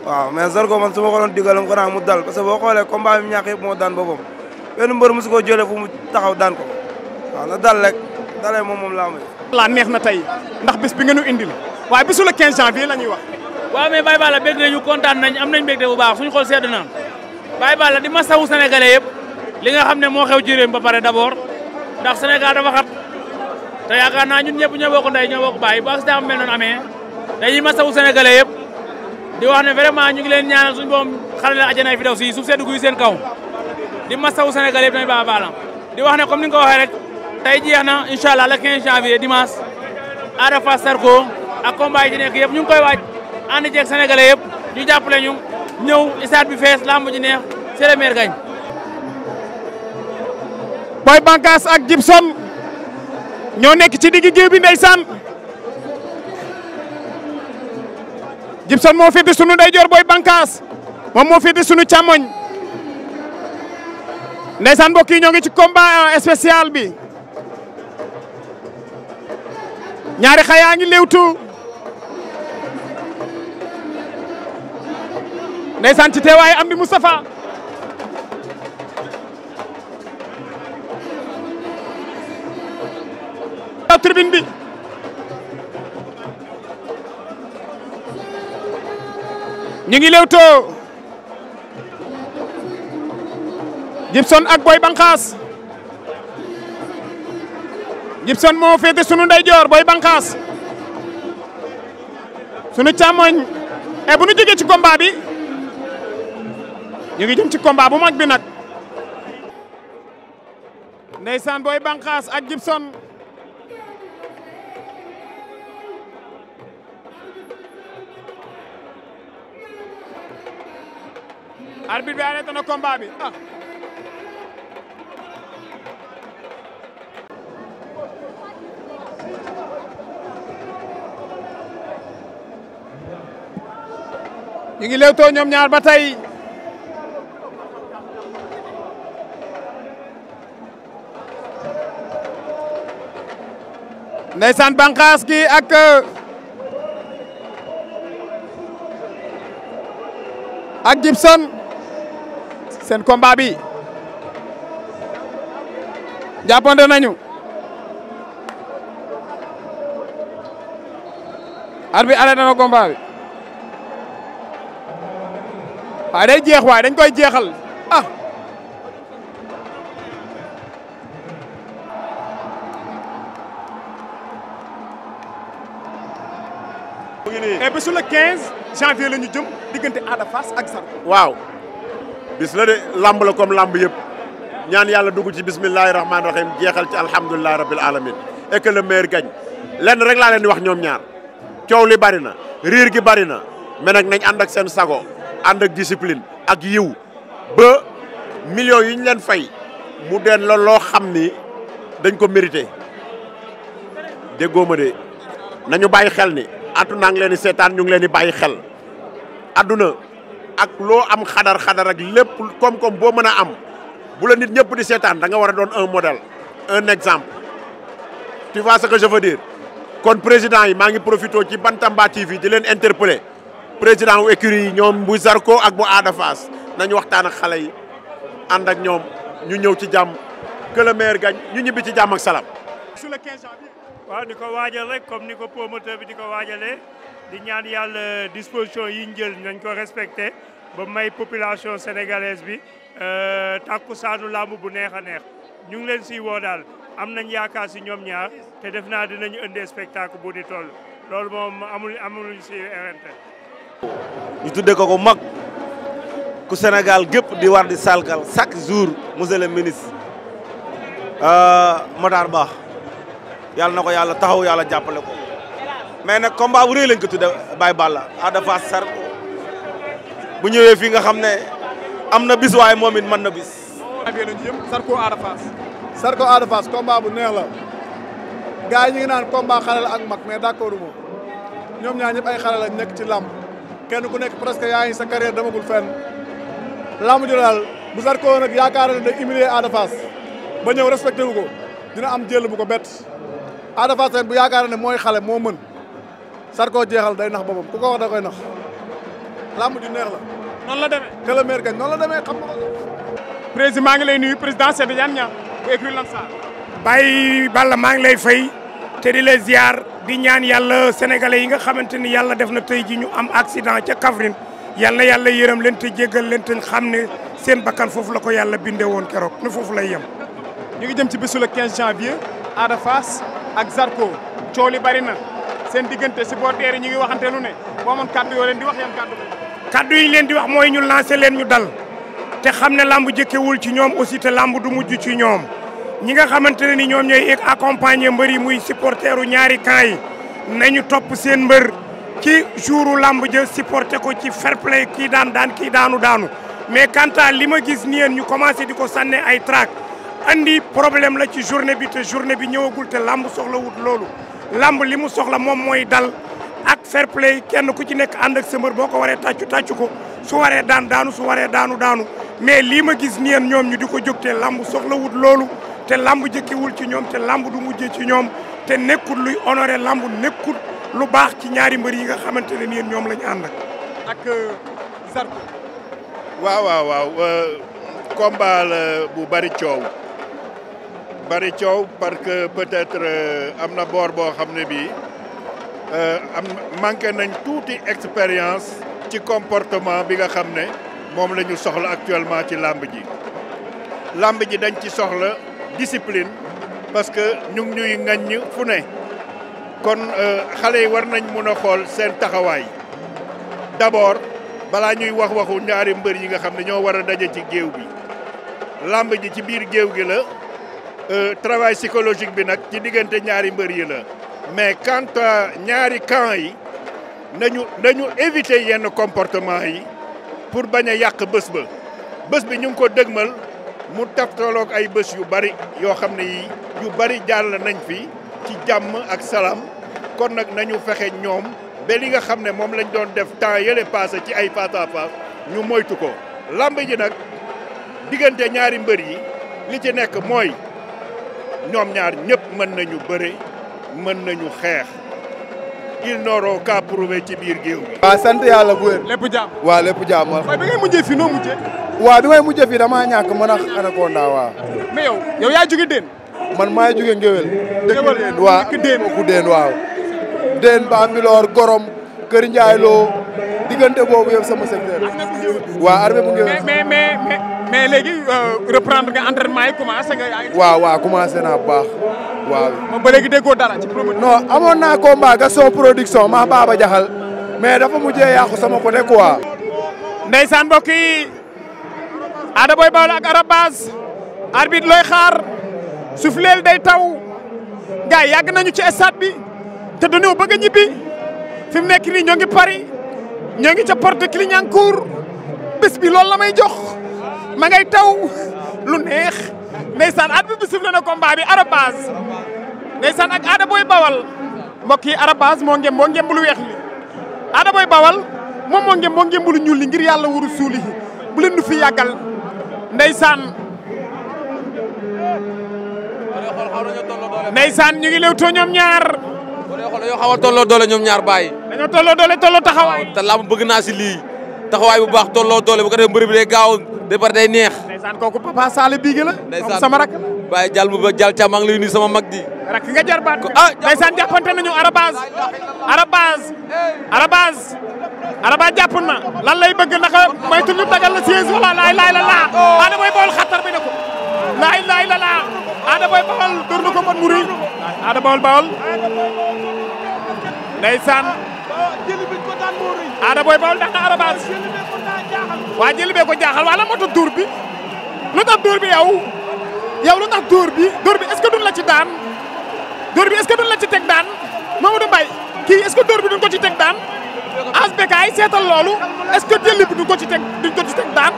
waaw mais Zarko man su ma ko doon digalam ko naa mu dal parce que boo xoolee combat bi ñàkk yëpp moo daan boppam benn ko mu taxaw daan ko. waaw na dal rek dalee moom moom laa may. neex na tey ndax bés bi nga ñu indil waaye bésu le 15 janvier la ñuy wax. waaw mais Baye Balla bëgg nañu kontaan nañ am nañ mbégte bu baax suñu xol sedd na Baye Balla di masawu sénégalais yëpp li nga xam ne moo xew jëréem ba pare d' abord ndax Sénégal dafa xat te yaakaar naa ñun ñëpp ñoo bokk ndey ñoo bokk baay bu accident am mel noonu amee dañuy masawu sénégalais yëpp di wax ne vraiment ñu ngi leen ñaanal suñu boom xale la fi daw si suuf sedd guy seen kaw di di wax ne comme tey jeex na incha allah le 15 janvier Ada Fass Zarco ak yi ci nekk yëpp ñu ngi koy waaj ànd ceeg sénégalais yëpp ñu jàppale ñu ñëw stade bi fees lamb ji neex c'est gañ Boy Bankass ak Djibson ñoo nekk ci digg géew bi ndeysaan Djibson moo féete sunu ndeyjoor Boy Bankass moom moo féete sunu càmmoñ ndeysaan mbokk yi ñoo ci combat spécial bi ñaari xayaa ngi léewtu ndeysaan ci teewaay am di Moustapha aw tribune bi ñu ngi léewtoo Gibson ak Boy Banqaas Djibson moo féete sunu ndeyjoor booy banqaas sunu càmmoñ e bu ci combat bi ngi jëm ci combat mag bi nag ndeysaan booy banqaas ak Djibson arbitre bi arrêté na ñu ngi lewtoo ñoom ñaar ba tey ndeysaan banqaas gi ak ak Gibson seen combat bi jàppante nañu arbitre bi arrêté na waaye day jeex waaye dañ koy jeexal ah. et bisu le 15 la ñu jëm diggante waaw bis la de lamb la kom lamb yëpp ñaan yàlla dugg ci bismillahi rahmaani rahim jeexal ci alhamdulilah rabbil alamin et que le meilleur lenn rek laa leen di wax ñoom ñaar coow li bari na riir gi bari na mais nag nañ ànd seen sago. ànd ak discipline ak yiw ba million yi ñu leen fay mu deen la loo xam ni dañ ko mérité déggoo ma de nañu bàyyi xel ni àdduna ngi leen di seetaan ñu ngi leen di bàyyi xel àdduna ak loo am xadar-xadar ak lépp koom-koom boo mën a am bu la nit ñëpp di seetaan da nga war a doon un modèle un exemple tu vois ce que je veux dire kon président yi maa ngi profité ci Bantamba TV di leen interpeller président wu écurie ñoom bu Zarko ak bu Ada Fass nañu waxtaan ak xale yi ànd ak ñoom ñu ñëw ci jàmm que le ñu ñibbi ci jàmm ak salaam. sur le 15 janvier. waaw di ko waajal rek comme ni ko promoteur bi di ko waajalee di ñaan yàlla disposition yi ñu jël nañ ko respecté ba may population sénégalaise bi euh, takkusaanu làmb bu neex a neex ñu ngi leen siy woo daal am nañ yaakaar si ñoom ñaar te def naa dinañu indee spectacle bu di toll moom amul amul si RNT. ñu tuddee ko ko mag ku Sénégal gépp di war di salgal chaque jour monsieur le ministre euh, Matar Ba yàlla na ko yàlla taxaw yàlla jàppale ko mais nag combat bu rëy lañ ko tudde Baye Balla Ada Fass bu ñëwee fii nga xam ne am na bis waaye moom it mën na bis Sarko Ada Fass Sarko Ada Fass combat bu neex la gars yi ñu ngi naan combat xale la ak mag mais d'accord moom ñoom ñaar ñëpp ay xale nekk ci làmb kenn ku nekk presque yaa ngi sa carrière demagul fenn. laamu ji daal bu Zarko nag yaakaar na ne humilier Ada Fass ba ñëw respecté wu ko dina am jël bu ko bet Ada Fass bu yaakaar ne mooy xale moo mën Zarko jeexal day nax boppam ku ko wax da koy nax laamu ji neex la. noonu la demee que le maire la demee xam nga ko. président maa ngi lay nuyu président Cheikh Tidiane Niang bu écrit Lansar. Baye Balla maa ngi lay fay te di lay di ñaan yàlla sénégalais yi nga xamante ni yàlla def na tey ji ñu am accident ca Kaffrine yal na yàlla yërëm leen te jéggal leen te xam ne seen bakkan foofu la ko yàlla binde woon keroog ne foofu lay yem. ñu ngi jëm ci bésu le 15 janvier Ada Fass ak Zarko coow li bari na seen diggante supporters yi ñu ngi waxante lu ne boo amoon kàddu yoo leen di wax yan kàddu yi ñu leen di wax mooy ñu lancé leen ñu dal te xam ne làmb jëkkewul ci ñoom aussi te làmb du mujj ci ñoom. ñi nga xamante ne ni ñoom ñooy accompagner mbër yi muy supporteru ñaari camp yi nañu topp seen mbër ci jouru làmb ja supporter ko ci fair play kii daan daan kii daanu daanu mais quant li ma gis nii ñu commencé di ko sànne ay trac andi problème la ci journée bi te journée bi ñëwagul te làmb soxla wut loolu lamb li mu soxla moom mooy dal ak fair play kenn ku ci nekk ànd ak sa boo ko waree tàccu tàccu ko su waree daan daanu su waree daanu daanu mais lii ma gis nii ñoom ñu di ko jóg làmb soxla wut loolu te lamb jëkkewul ci ñoom te lamb du mujje ci ñoom te nekkul luy honoré lamb nekkut lu baax ci ñaari mbër yi nga xamante ne nii ñoom lañu ñu ànd ak euh, Zarko. waaw waaw waaw euh, bu bari coow bari coow parce que peut-être euh, am na boor boo xam ne bii am manqué nañ tuuti expérience ci comportement bi nga xam ne moom la ñu soxla actuellement ci làmb ji làmb dañ ci soxla. discipline parce que ñu ngi ñuy ŋaññ fu ne kon euh, xale yi war nañ mun a xool seen taxawaay d'abord balaa ñuy wax waxu ñaari mbër yi nga xam ne ñoo war a daje ci géew bi làmb ji ci biir géew gi la euh, travail psychologique bi nag ci diggante ñaari mbër yi la mais quant ñaari camp yi nañu nañu éviter yenn comportement yi pour bañ a yàq bës ba bés bi ñu ko dëgmal mu taftaloog ay bës yu bari yoo xam ne yi yu bari jàll nañ fi ci jàmm ak salaam kon nag nañu fexe ñoom ba li nga xam ne moom lañ doon def temps yële passé ci ay face ñu moytu ko. lamb ji nag diggante ñaari mbër yi li ci nekk mooy ñoom ñaar ñëpp mën nañu bëre mën nañu xeex. ils n'auront qu'à prouver ci biir géew bi. waaw sant yàlla bu wér. lépp jàmm waaw lépp jàmm. waaye bi ngay mujjee fii noo mujjee. waaw bi ngay a fii damaa ñàkk mën a anaconda waaw. mais yow yow yaa jóge déen. man maa jóge ngéwél. dëkk déen waaw dëkk déen waaw. déen Bambilor Gorom Kër Ndiaye Lo. diggante boobu yow sama secteur. waaw armée bu Ngéwél. mais mais mais mais léegi euh, reprendre nga entraînement yi commencé nga. waaw waaw commencé naa bu baax waaw. moom ba léegi déggoo dara ci production. non amoon naa combat Gaston production maa Baba Jaxal mais dafa mujjee yàqu sama côté quoi. ndeysaan mbokk yi Ada Boy Baol ak Arabas arbitre looy xaar souffleel day taw gars yàgg nañu ci stade bi te dañoo bëgg a ñibbi fi mu nekk nii ñoo ngi Paris ñoo ngi ca porte Clignancourt bés bi loolu la may jox ma ngay taw lu neex ndeysaan at bi bisif la na combat bi arobase ndeysaan ak aada booy bawal mbokk yi moo ngem boo ngembulu weex li aada booy bawal moom moo ngem boo ngembulu ñuul li ngir yàlla wuru suuli bu leen fi yàggal ndeysaan ndeysaan ñu ngi lew too ñoom ñaar dañoo xaw a tolloo doole ñoom ñaar bàyyi dañoo tolloo doole tolloo taxawaay te lamb bëgg naa si lii taxawaay bu baax tolloo doole bu ko defee mbër bi day gaaw départ day neex ndeysaan kooku papa Sall biige la ndeysaan sama rak bàyyi jàll bu ba jàll ca maa ngi lay nuyu sama mag di rak nga jar baat ah ndeysaan jàppante nañu arabas arabas arabas arabas jàpp na lan lay bëgg naka maytu la siège wala laay laay la laa oh. ana mooy bool xattar bi ne ko laay laay la laa Ada Boy Baol dóor na ko mot mu rëy Ada Boy Baol ndeysaan Ada Boy Baol ndax na Arobase waa jëli bee ko jaaxal waa la motu dóor bi lu tax dóor bi yow yow lu tax dóor bi dóor bi est-ce que la ci daan dóor bi est-ce la ci teg daan Mamadou Mbaye kii est-ce que dóor bi duñ ko ci teg daan asbekaay seetal loolu est-ce que jëli ko ci teg daan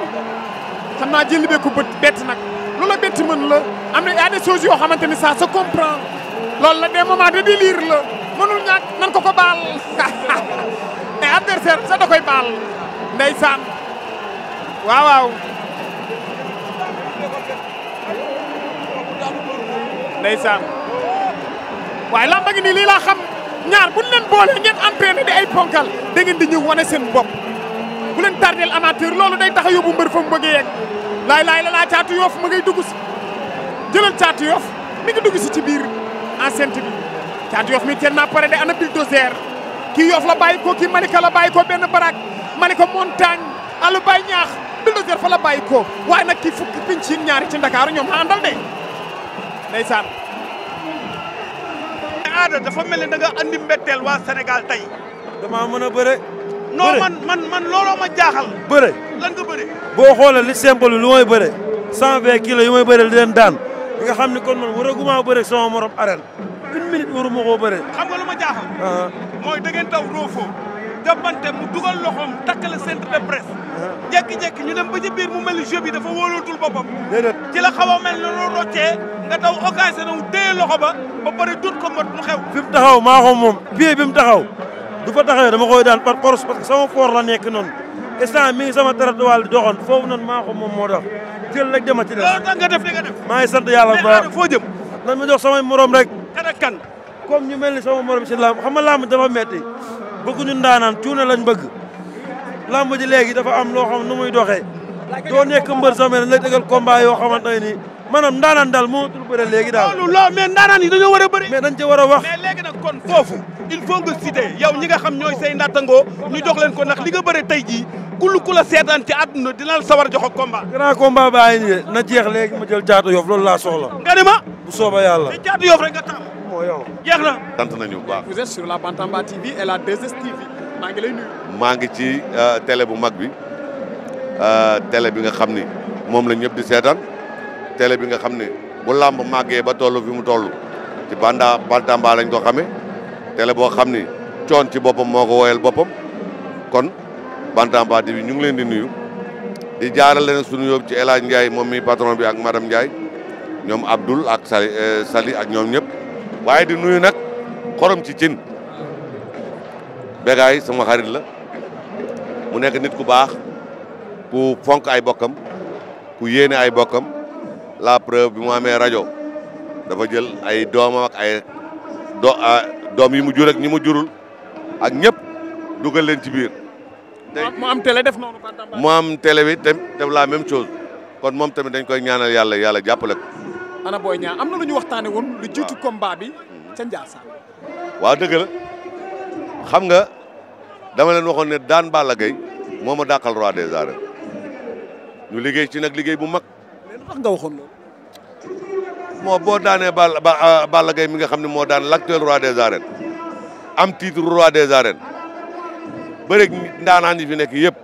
xam naa jëli bee bët bett nag lu la bett mën la am na y a des choses yoo xamante ne ça se loolu la des moments de délire la mënul ñàkk nan ko ko baal mais adversaire sa da koy baal ndeysaan waaw waaw waaye lamba ngi nii lii laa xam ñaar bu leen boole ngeen entraîné di ay ponkal da ngeen di ñëw wane seen bopp bu leen tardel amateur loolu day tax a yóbbu mbër fa mu laay laay la laa ma ngay dugg si jëlal caatu yoof mi ngi dugg ci biir enceinte bi caatu mi kenn naa pare de ana bulldozer kii yoof la bàyyi ko kii Malika la bàyyi ko benn barak Malika montagne àll bay ñaax bulldozer fa la bàyyi ko waaye nag kii fukki pinc ñaari ci Ndakaaru ñoom a àndal de ndeysaan aada dafa mel ni da nga andi mbetteel waa Sénégal tey dama mën a bëre non man man man looloo ma jaaxal. bëre lan nga bëre. boo xoolee li simple lu may bëre san vingt kiilo yu may bëre di leen daan bi nga xam ne kon man waraguma bëre sama morom arène une minute waruma koo bëre. xam nga lu ma jaaxal. Ah. mooy da ngeen daw roofoo. jàppante mu dugal loxoom takkale centre de presse. Ah. jékki-jékki ñu dem ba ci biir mu mel ni jeu bi dafa wóolootul boppam. déedéet ci la xaw a mel ne loolu roccee nga daw occasion wu téye loxo ba ba pare dut ko mot mu xew. fi moom pied bi taxaw. du fa taxawee dama koy daan par force parce que sama koor la nekk noonu instant mi sama traite wàll di doxoon foofu noonu maa ko moom moo tax jël rek dama ci def. loolu nga def nga def. maa ngi sant yàlla bu baax foo jëm. nan ma jox samay morom rek. kan ak kan. comme ñu mel ni sama morom si làmb xam nga làmb dafa metti bëgguñu ndaanaan cuune lañ bëgg làmb ji léegi dafa am loo xam nu muy doxee. doo nekk mbër sama la tegal combat yoo xamante ne nii maanaam ndaanaan daal moo tul bëre léegi daal loolu loo mais ndaanaan yi dañoo war a bëri mais dañ ci war a wax mais léegi nag kon foofu il faut ñi nga xam ñooy say ndattangoo ñu jox leen ko ndax li nga bëre tey jii kul ku la seetaan ci àdduna dina la sawar jox ak combat grand combat bàyyi na jeex léegi ma jël jaatu yof loolu laa soxla nga ne ma bu yàlla ci jaatu yof rek nga taam moo nañu bu baax la Bantamba TV et la maa ngi ci euh, télé bu mag bi euh, télé bi nga xam ni moom la ñëpp di seetaan télé bi nga xam ne bu làmb màggee ba toll fi mu toll ci banda bantamba lañ ko xamee boo xam ni coon ci boppam moo ko woyal boppam kon bantamba bi ñu ngi leen di nuyu di jaaral leen suñu ci elaaj Hadj Ndiaye moom mi patron bi ak madame Ndiaye ñoom Abdoul ak Sali eh, Sali ak ñoom ñëpp waaye di nuyu nag korom ci cin bégaay sama xarit la mu nekk nit ku baax ku fonk ay bokkam ku yéene ay bokkam la preuve bi mu amee rajo dafa jël ay doomam ay ah, doom yi mu jur ak ñi mu jurul ak ñëpp dugal leen ci biir. am télé def noonu am télé bi tam def la même chose kon moom tamit dañ koy ñaanal yàlla yàlla jàppale ko. ana booy ñaan am na lu ñu waxtaanee woon. lu jiitu combat bi ca Ndiassane. waaw dëgg la xam nga dama leen waxoon ne daan Balla Gaye moo ma dàqal roi des arènes ñu liggéey ci nag liggéey bu mag. wax moo boo daanee Balla euh, Balla Gaye mi nga xam ne moo daan l'actuel roi des arènes am titre roi des arènes bëreeg ndaanaan yi fi nekk yëpp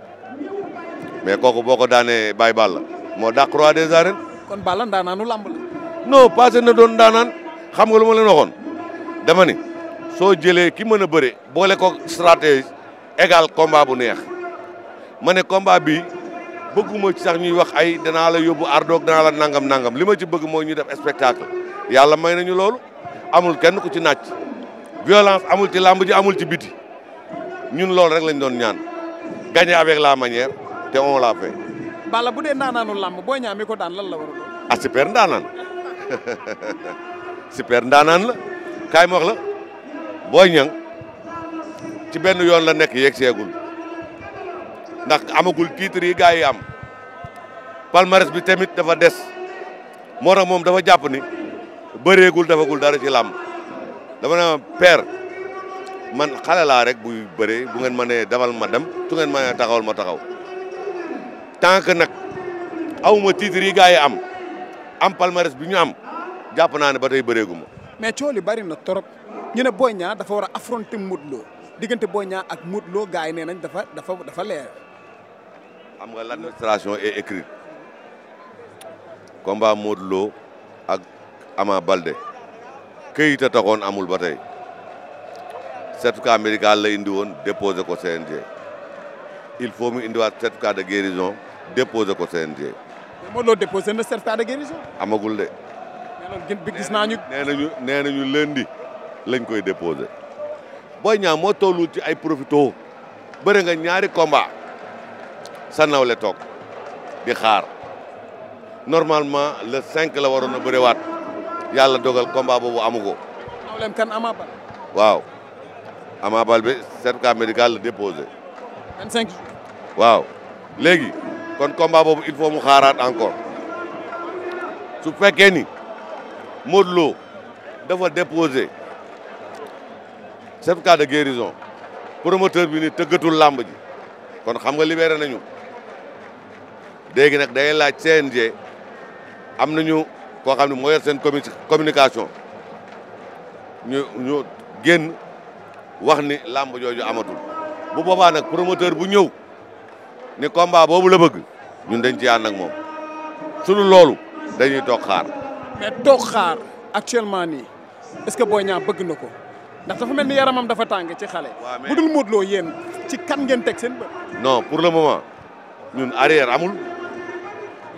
mais kooku boo ko daane Baye Balla moo dàq roi des arènes. kon Balla ndaanaanu lamb la. non passé na doon ndaanaan xam nga lu ma leen soo jëlee ki mën a bëre boole ko stratégie égal combat bu neex ma ne combat bi bëgguma ci sax ñuy wax ay danaa la yóbbu ardoog danaa la nangam nangam li ma ci bëgg mooy ñu def spectacle yàlla may nañu loolu amul kenn ku ci naaj violence amul ci làmb ji amul ci biti ñun loolu rek lañ doon ñaan gagner avec la manière te on l'a fait. Balla bu dee ndaanaanu làmb boo ñaa ko daan lan la war a ah super ndaanaan super ndaanaan la kaay ma la booy ñang ci benn yoon la nekk yeeg seegul. ndax amagul titre yi gars yi am palmarès bi tamit dafa des moo moom dafa jàpp ni bëreegul dafagul dara ci làmb dafa ne père man xale laa rek buy bëree bu ngeen mënee dawal ma dem su ngeen mënee taxawal ma taxaw tant que nag awuma titre yi gars yi am am palmarès bi ñu am jàpp naa ne ba tey bëreeguma mais cool yi bari na trop ñu ne Boy Niang dafa war a affronter Modou Lo diggante Boy Niang ak Modou Lo gars yi nee nañ dafa dafa dafa leer xam nga l'administration est écrite combat Modou Lo ak Ama taxoon amul ba tey certificat médical la indi woon ko CNG il faut mu indiwaat certificat de guérison déposé ko CNG. mais Modou de guérison. gis naa ñu. nee nañu lañ koy déposé. Boy Niang moo tollu ay profito bëri nga ñaari combat sa nawle toog di xaar normalement le 5 la waroon a bëriwaat yàlla dogal combat boobu amu ko. nawleem kan Ama Bal. waaw Ama Bal bi certificat médical la déposé. waaw léegi kon combat boobu il faut mu xaaraat encore su fekkee ni Modou Lo dafa déposé certificat de guérison promoteur bi ni tëggatul làmb ji kon xam nga libéré nañu. léegi nag day laaj CNG am nañu koo xam ne moo yor seen communication ñu génn wax ni lamb jooju amatul bu boobaa nag promoteur bu ñëw ni combat boobu la bëgg ñun dañ ci ànd ak moom su dul loolu dañuy toog xaar. mais toog xaar actuellement nii est-ce que boo Niang bëgg na ko ndax dafa mel ni yaramam dafa tàng ci xale. bu dul Modou loo yéen ci kan ngeen teg seen bët. non pour le moment ñun arrière amul.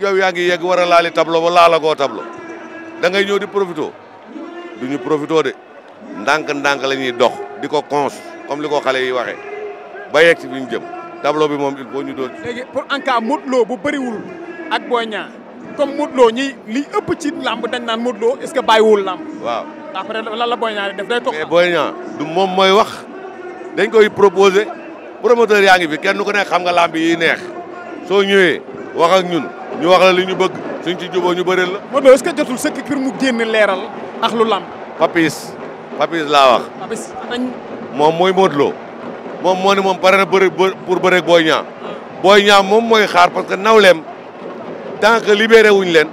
yow yaa ngi yeg war a tablo tableau ba laalagoo tablo da ngay ñëw di profito du ñu profito de ndànk-ndànk la ñuy dox di ko cons comme li ko xale yi waxee ba yegg ci bi ñu jëm tableau bi moom il faut ñu doon. léegi pour en cas Modou Lo bu bëriwul ak Boy Niang comme Modou Lo ñi li ëpp ci làmb dañ naan Modou Lo est-ce que bàyyiwul làmb. waaw après lan la Boy Niang def day toog. mais Boy Niang du moom mooy wax dañ koy proposé promoteur yaa ngi fi kenn ko nekk xam nga làmb yi neex soo ñëwee wax ak ñun. ñu wax la li ñu bëgg suñ ci juboo ñu bëreel la. Modou Lo est jotul sëkk kër mu génn leeral ak lu lamb. Papis Papis laa wax. moom mooy Modou moom moo ne moom pare na bëri pour bëreeg Boy Niang. Boy Niang moom mooy xaar parce que nawleem tant que libéré wuñ leen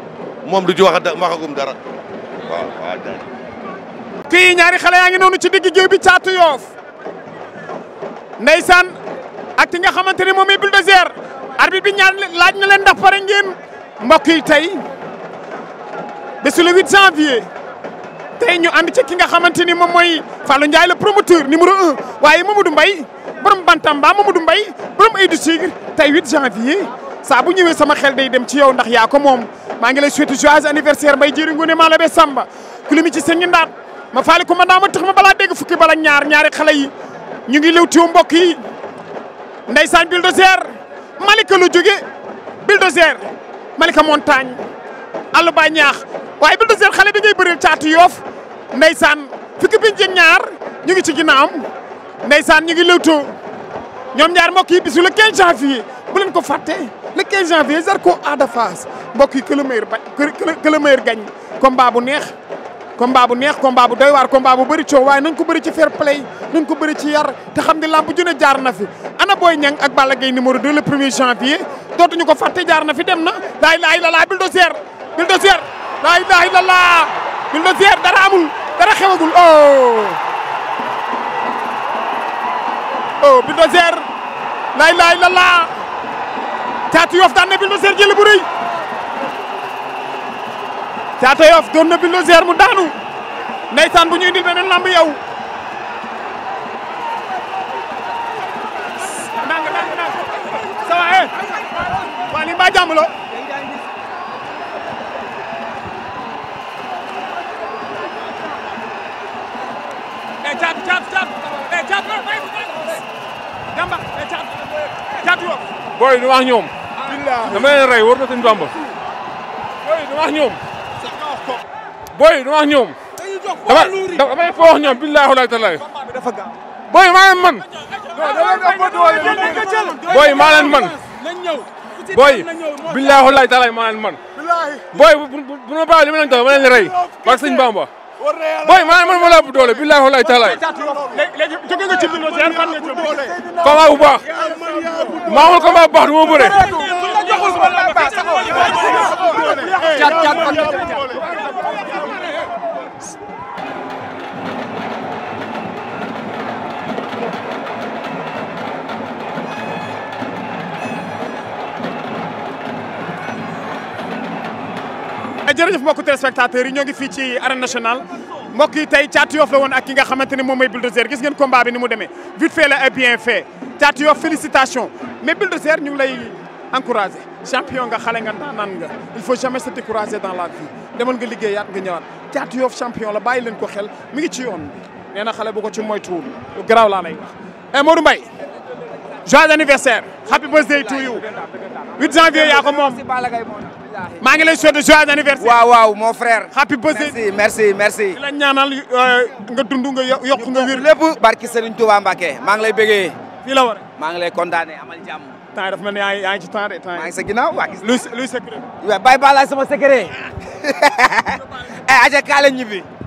moom du ci wax waxagum dara waaw ñaari xale yaa ngi noonu ci digg géew bi caatu yoof ndeysaan ak ki nga xamante ni moom i bulldozer arbitre bi ñaan laaj na leen ndax pare ngeen mbokk yi tey bésu le 8 janvier tey ñu ànd ci ki nga xamante ni moom mooy la Ndiaye le promoteur numéro un waaye Mamadou Mbaye borom Bantamba Mamadou Mbaye borom Aïdou Sigre tey 8 janvier saa bu ñëwee sama xel day dem ci yow ndax yaa ko moom maa ngi lay souhaiter joyeux anniversaire Mbaye jëri ngune maa la be Samba ku li mi ci seen ngi ndaat ma faale ko ma naa ma tax ma balaa dégg fukki bala ñaar ñaari xale yi ñu ngi lew tiyo mbokk yi ndeysaan Bulldozer Malika lu jóge bulldozer Malika montagne àll ba ñaax waaye bulldozer xale bi ngay bëreel caatu yoof saan fukki biñ ci ñaar ñu ngi ci ginnaawam saan ñu ngi lëwtoo ñoom ñaar mbokk yi bisu le 15 janvier bu leen ko fàtte le 15 janvier Zarko Ada Fass mbokk yi que le meilleur ba que le meilleur gagne bu neex. combat bu neex combat bu doy waar combat bu bëri coow waaye nañ ko bëri ci fair play nañ ko bëri ci yar te xam ni lamb ju ne jaar na fi ana Boy Niang ak Balla Gaye numéro 2 le premier janvier ñu ko fàtte jaar na fi dem na laa ilaaha illallaah bulldozer bulldozer laa ilaaha illallaah bulldozer dara amul dara xewagul oh oh bulldozer laa ilaaha illallaah caatu Yoff daan na bulldozer jël bu rëy Caatu Yoff doon na Bulldozer mu daanu ndeysaan bu ñu indil beneen lamb yow. ndànk ndànk ndànk ça va eh waa booy nu wax ñoom. alhamdulilah dama rey war na seen booy nu wax ñoom. booy du wax ñoom. dama dama foo wax ñoom billaahi laa talaay. booy maa leen man. booy maa leen man. booy billaahi laa talaay maa leen man. booy bu bu bu ma baaxee li ma leen doon ma leen rey. parce que sëñ Bamba. booy maa man ma la ëpp doole billaahi laa talaay. léegi jóge nga ci bi nga fan nga jëm. combat Ah, jërëjëf mbokku téléspectateurs yi ñoo ngi fii ci arène nationale mbokk yi tey Thiatou Yoff la woon ak ki nga xamante ne moom mooy Bulldozer gis ngeen combat bi ni mu demee vite fait la et bien fait Thiatou Yoff félicitations mais Bulldozer ñu lay encouragé champion nga xale nga naan nga il faut jamais se décourager dans la vie demal nga liggéeyaat nga ñëwaat Thiatou champion la bàyyi leen ko xel mi ngi ci yoon bi nee na xale bu ko ci moytuwul lu garaaw laa lay wax. Eh, Modou Mbaye joyeux anniversaire happy maa ngi lay souhaité joyeux anniversaire. waaw waaw mon frère. happy birthday merci merci merci. Euh, nga dund nga yokk nga wér. lépp barki Serigne Touba Mbacké maa ngi lay bëggee. fii la war maa ngi lay kontaanee amal jàmm. temps yi dafa mel ni yaa ngi ci temps de maa ngi sa ginnaaw waa gis. luy luy secret. waaw bàyyi ba laay sama secret. eh aja